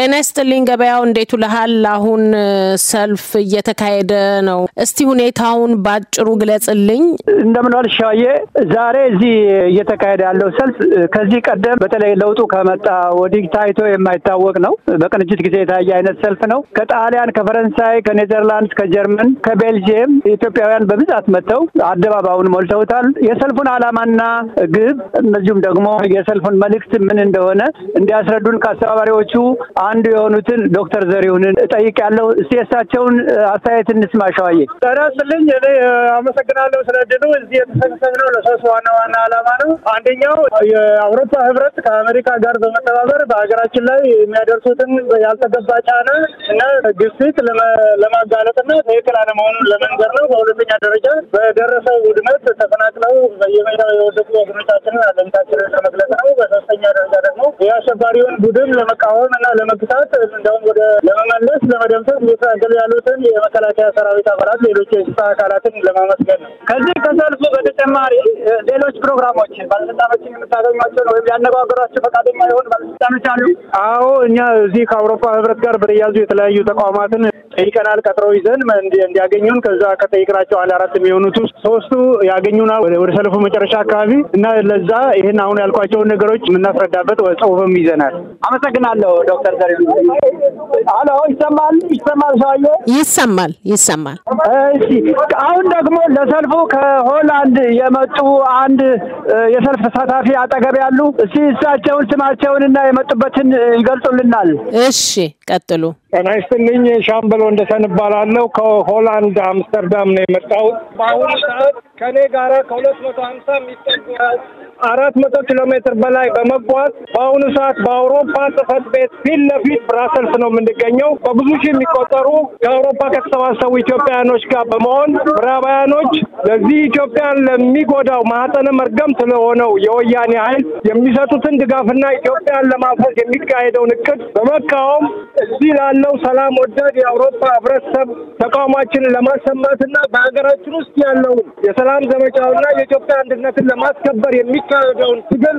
ጤና ይስጥልኝ ገበያው እንዴት ውለሃል? አሁን ሰልፍ እየተካሄደ ነው። እስቲ ሁኔታውን ባጭሩ ግለጽልኝ። እንደምን ዋልሽ ሸዋዬ። ዛሬ እዚህ እየተካሄደ ያለው ሰልፍ ከዚህ ቀደም በተለይ ለውጡ ከመጣ ወዲህ ታይቶ የማይታወቅ ነው። በቅንጅት ጊዜ የታየ አይነት ሰልፍ ነው። ከጣሊያን፣ ከፈረንሳይ፣ ከኔዘርላንድስ፣ ከጀርመን፣ ከቤልጅየም ኢትዮጵያውያን በብዛት መጥተው አደባባዩን ሞልተውታል። የሰልፉን ዓላማና ግብ እነዚሁም ደግሞ የሰልፉን መልእክት ምን እንደሆነ እንዲያስረዱን ከአስተባባሪዎቹ አንዱ የሆኑትን ዶክተር ዘሪሁንን እጠይቅ ያለው እስቲ የሳቸውን አስተያየት እንስማ። ሸዋዬ ጤና እኔ አመሰግናለሁ ስለ ድሉ። እዚህ የተሰበሰብነው ለሶስት ዋና ዋና አላማ ነው። አንደኛው የአውሮፓ ህብረት ከአሜሪካ ጋር በመተባበር በሀገራችን ላይ የሚያደርሱትን ያልተገባ ጫና እና ግፊት ለማጋለጥና ትክክል አለመሆኑን ለመንገር ነው። በሁለተኛ ደረጃ በደረሰው ውድመት ተፈናቅለው በየሜዳው የወደቁ ወገኖቻችንን አለምታችንን ለመግለጽ ነው። በሶስተኛ ደረጃ ደግሞ የአሸባሪውን ቡድን ለመቃወም እና ለመግታት እንደውም ወደ ለመመለስ ለመደምሰስ እየተታገሉ ያሉትን የመከላከያ ሰራዊት አባላት፣ ሌሎች የስታ አካላትን ለማመስገን ነው። ከዚህ ከሰልፉ በተጨማሪ ሌሎች ፕሮግራሞች ባለስልጣኖችን የምታገኟቸውን ወይም ሊያነጋግሯቸው ፈቃደኛ የሆኑ ባለስልጣኖች አሉ? አዎ፣ እኛ እዚህ ከአውሮፓ ህብረት ጋር በተያያዙ የተለያዩ ተቋማትን ጠይቀናል። ቀጥሮ ይዘን እንዲያገኙን ከዛ ከጠይቅናቸው አለ አራት የሚሆኑት ውስጥ ሶስቱ ያገኙና ወደ ሰልፉ መጨረሻ አካባቢ እና ለዛ ይህን አሁን ያልኳቸውን ነገሮች የምናስረዳበት ጽሁፍም ይዘናል። አመሰግናለሁ ዶክተር ነገር አሎ፣ ይሰማል ይሰማል፣ ሰውዬ ይሰማል ይሰማል። እሺ፣ አሁን ደግሞ ለሰልፉ ከሆላንድ የመጡ አንድ የሰልፍ ተሳታፊ አጠገብ ያሉ፣ እስቲ እሳቸውን ስማቸውን እና የመጡበትን ይገልጹልናል። እሺ፣ ቀጥሉ። ጤና ይስጥልኝ። ሻምበል ወንደሰን እባላለሁ። ከሆላንድ አምስተርዳም ነው የመጣሁት። በአሁኑ ሰዓት ከእኔ ጋራ ከሁለት መቶ ሀምሳ የሚጠጉ አራት መቶ ኪሎ ሜትር በላይ በመጓዝ በአሁኑ ሰዓት በአውሮፓ ጽህፈት ቤት ፊት ለፊት ብራሰልስ ነው የምንገኘው። በብዙ ሺህ የሚቆጠሩ ከአውሮፓ ከተሰባሰቡ ኢትዮጵያውያኖች ጋር በመሆን ምዕራባውያኖች ለዚህ ኢትዮጵያን ለሚጎዳው ማህፀነ መርገም ስለሆነው የወያኔ ኃይል የሚሰጡትን ድጋፍና ኢትዮጵያን ለማፍረስ የሚካሄደውን እቅድ በመቃወም እዚህ ላለው ሰላም ወዳድ የአውሮፓ ህብረተሰብ ተቃውሟችንን ለማሰማትና በሀገራችን ውስጥ ያለውን የሰላም ዘመቻውና የኢትዮጵያ አንድነትን ለማስከበር የሚ። የሚካሄደውን ትግል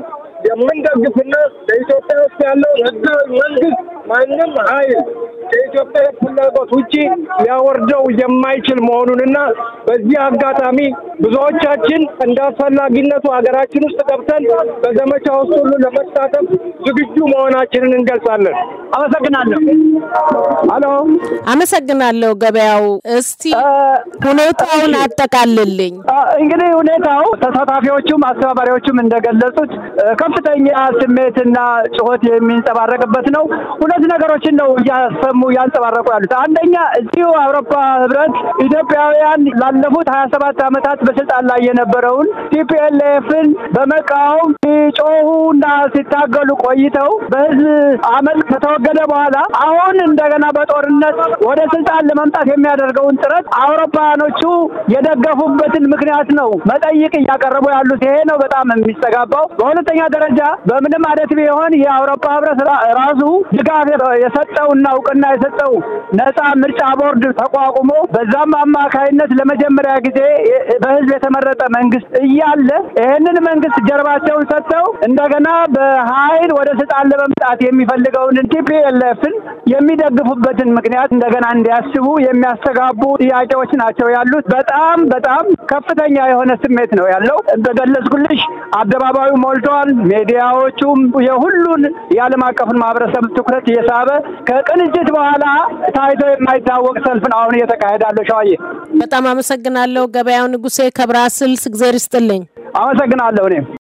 የምንደግፍና በኢትዮጵያ ውስጥ ያለው ህጋዊ መንግስት ማንም ኃይል ከኢትዮጵያ ፍላጎት ውጪ ሊያወርደው የማይችል መሆኑንና በዚህ አጋጣሚ ብዙዎቻችን እንደ አስፈላጊነቱ ሀገራችን ውስጥ ገብተን በዘመቻ ውስጥ ሁሉ ለመሳተፍ ዝግጁ መሆናችንን እንገልጻለን። አመሰግናለሁ። አሎ፣ አመሰግናለሁ ገበያው። እስቲ ሁኔታውን አጠቃልልኝ። እንግዲህ ሁኔታው ተሳታፊዎቹም አስተባባሪዎቹም እንደገለጹት ከፍተኛ ስሜትና ጩኸት የሚንጸባረቅበት ነው። ሁለት ነገሮችን ነው እያሰሙ እያንጸባረቁ ያሉት። አንደኛ እዚሁ አውሮፓ ህብረት ኢትዮጵያውያን ላለፉት ሀያ ሰባት አመታት በስልጣን ላይ የነበረውን ቲፒኤልኤፍን በመቃወም ሲጮሁና ሲታገሉ ቆይተው በህዝብ አመፅ ከተወ ከታገደ በኋላ አሁን እንደገና በጦርነት ወደ ስልጣን ለመምጣት የሚያደርገውን ጥረት አውሮፓውያኖቹ የደገፉበትን ምክንያት ነው መጠይቅ እያቀረቡ ያሉት። ይሄ ነው በጣም የሚስተጋባው። በሁለተኛ ደረጃ በምንም አይነት ቢሆን የአውሮፓ ህብረት ራሱ ድጋፍ የሰጠውና እውቅና የሰጠው ነፃ ምርጫ ቦርድ ተቋቁሞ በዛም አማካይነት ለመጀመሪያ ጊዜ በህዝብ የተመረጠ መንግስት እያለ ይህንን መንግስት ጀርባቸውን ሰጥተው እንደገና በኃይል ወደ ስልጣን ለመምጣት የሚፈልገውን ዲፕ ቲፒኤልኤፍን የሚደግፉበትን ምክንያት እንደገና እንዲያስቡ የሚያስተጋቡ ጥያቄዎች ናቸው ያሉት። በጣም በጣም ከፍተኛ የሆነ ስሜት ነው ያለው። እንደገለጽኩልሽ አደባባዩ ሞልቷል። ሚዲያዎቹም የሁሉን የዓለም አቀፍን ማህበረሰብ ትኩረት እየሳበ ከቅንጅት በኋላ ታይቶ የማይታወቅ ሰልፍ ነው አሁን እየተካሄዳለ ሸዋዬ በጣም አመሰግናለሁ። ገበያው ንጉሴ ከብራስልስ እግዜር ይስጥልኝ። አመሰግናለሁ እኔም